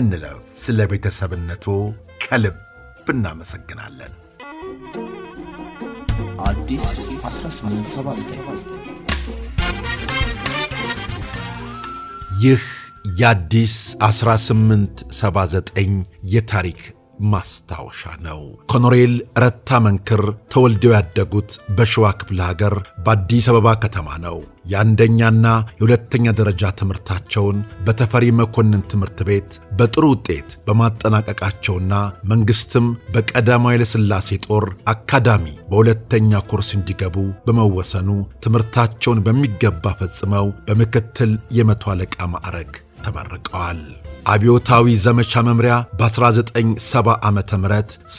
እንለፍ። ስለ ቤተሰብነቱ ከልብ እናመሰግናለን። ይህ የአዲስ 1879 የታሪክ ማስታወሻ ነው። ኮኖሬል ረታ መንክር ተወልደው ያደጉት በሸዋ ክፍለ ሀገር በአዲስ አበባ ከተማ ነው። የአንደኛና የሁለተኛ ደረጃ ትምህርታቸውን በተፈሪ መኮንን ትምህርት ቤት በጥሩ ውጤት በማጠናቀቃቸውና መንግሥትም በቀዳማዊ ኃይለሥላሴ ጦር አካዳሚ በሁለተኛ ኮርስ እንዲገቡ በመወሰኑ ትምህርታቸውን በሚገባ ፈጽመው በምክትል የመቶ አለቃ ማዕረግ ተመርቀዋል። አብዮታዊ ዘመቻ መምሪያ በ1970 ዓ ም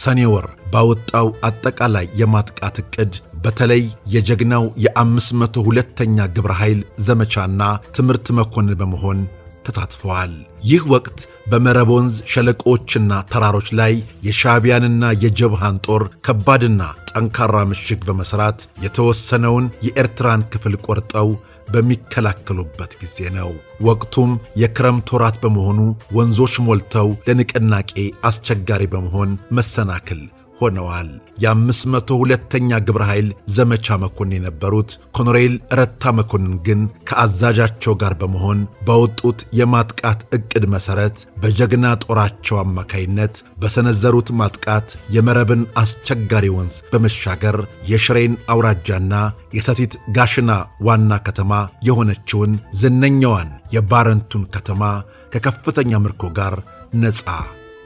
ሰኔ ወር ባወጣው አጠቃላይ የማጥቃት ዕቅድ በተለይ የጀግናው የ502ኛ ግብረ ኃይል ዘመቻና ትምህርት መኮንን በመሆን ተሳትፈዋል። ይህ ወቅት በመረብ ወንዝ ሸለቆዎችና ተራሮች ላይ የሻቢያንና የጀብሃን ጦር ከባድና ጠንካራ ምሽግ በመሥራት የተወሰነውን የኤርትራን ክፍል ቆርጠው በሚከላከሉበት ጊዜ ነው። ወቅቱም የክረምት ወራት በመሆኑ ወንዞች ሞልተው ለንቅናቄ አስቸጋሪ በመሆን መሰናክል ሆነዋል። 502 ሁለተኛ ግብረ ኃይል ዘመቻ መኮንን የነበሩት ኮኖሬል ረታ መኮንን ግን ከአዛዣቸው ጋር በመሆን በወጡት የማጥቃት ዕቅድ መሠረት በጀግና ጦራቸው አማካይነት በሰነዘሩት ማጥቃት የመረብን አስቸጋሪ ወንዝ በመሻገር የሽሬን አውራጃና የሰቲት ጋሽና ዋና ከተማ የሆነችውን ዝነኛዋን የባረንቱን ከተማ ከከፍተኛ ምርኮ ጋር ነፃ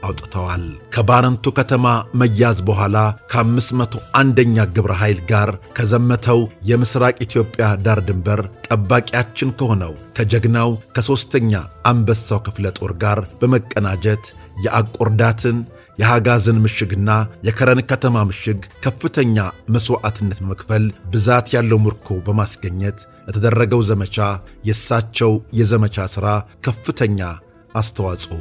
አውጥተዋል። ከባረንቱ ከተማ መያዝ በኋላ ከ 501 አንደኛ ግብረ ኃይል ጋር ከዘመተው የምስራቅ ኢትዮጵያ ዳር ድንበር ጠባቂያችን ከሆነው ከጀግናው ከሦስተኛ አንበሳው ክፍለ ጦር ጋር በመቀናጀት የአቆርዳትን የሐጋዝን ምሽግና የከረን ከተማ ምሽግ ከፍተኛ መሥዋዕትነት መክፈል ብዛት ያለው ምርኮ በማስገኘት ለተደረገው ዘመቻ የእሳቸው የዘመቻ ሥራ ከፍተኛ አስተዋጽኦ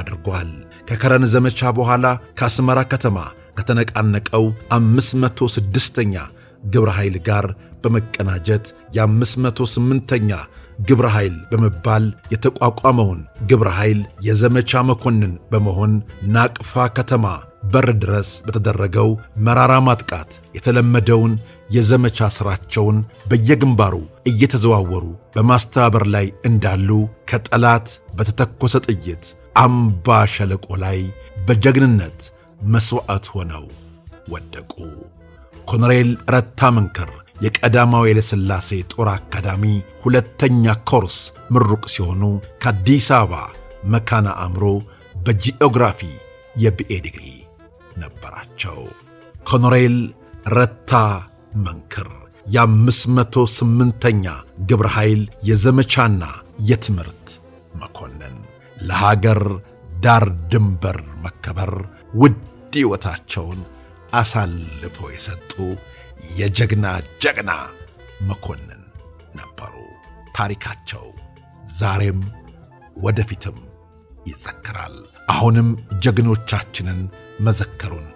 አድርጓል። ከከረን ዘመቻ በኋላ ከአስመራ ከተማ ከተነቃነቀው 506ኛ ግብረ ኃይል ጋር በመቀናጀት የ508ኛ ግብረ ኃይል በመባል የተቋቋመውን ግብረ ኃይል የዘመቻ መኮንን በመሆን ናቅፋ ከተማ በር ድረስ በተደረገው መራራ ማጥቃት የተለመደውን የዘመቻ ሥራቸውን በየግንባሩ እየተዘዋወሩ በማስተባበር ላይ እንዳሉ ከጠላት በተተኮሰ ጥይት አምባ ሸለቆ ላይ በጀግንነት መሥዋዕት ሆነው ወደቁ። ኮሎኔል ረታ መንከር የቀዳማዊ ኃይለሥላሴ ጦር አካዳሚ ሁለተኛ ኮርስ ምሩቅ ሲሆኑ ከአዲስ አበባ መካነ አእምሮ በጂኦግራፊ የቢኤ ዲግሪ ነበራቸው። ኮሎኔል ረታ መንክር የ508ኛ ግብረ ኃይል የዘመቻና የትምህርት መኮንን ለሀገር ዳር ድንበር መከበር ውድ ሕይወታቸውን አሳልፎ የሰጡ የጀግና ጀግና መኮንን ነበሩ። ታሪካቸው ዛሬም ወደፊትም ይዘከራል። አሁንም ጀግኖቻችንን መዘከሩን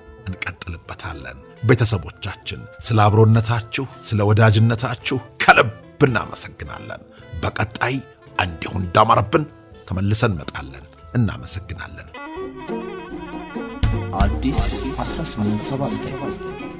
እንቀጥልበታለን። ቤተሰቦቻችን ስለ አብሮነታችሁ፣ ስለ ወዳጅነታችሁ ከልብ እናመሰግናለን። በቀጣይ እንዲሁ እንዳማረብን ተመልሰን እንመጣለን። እናመሰግናለን። አዲስ 1879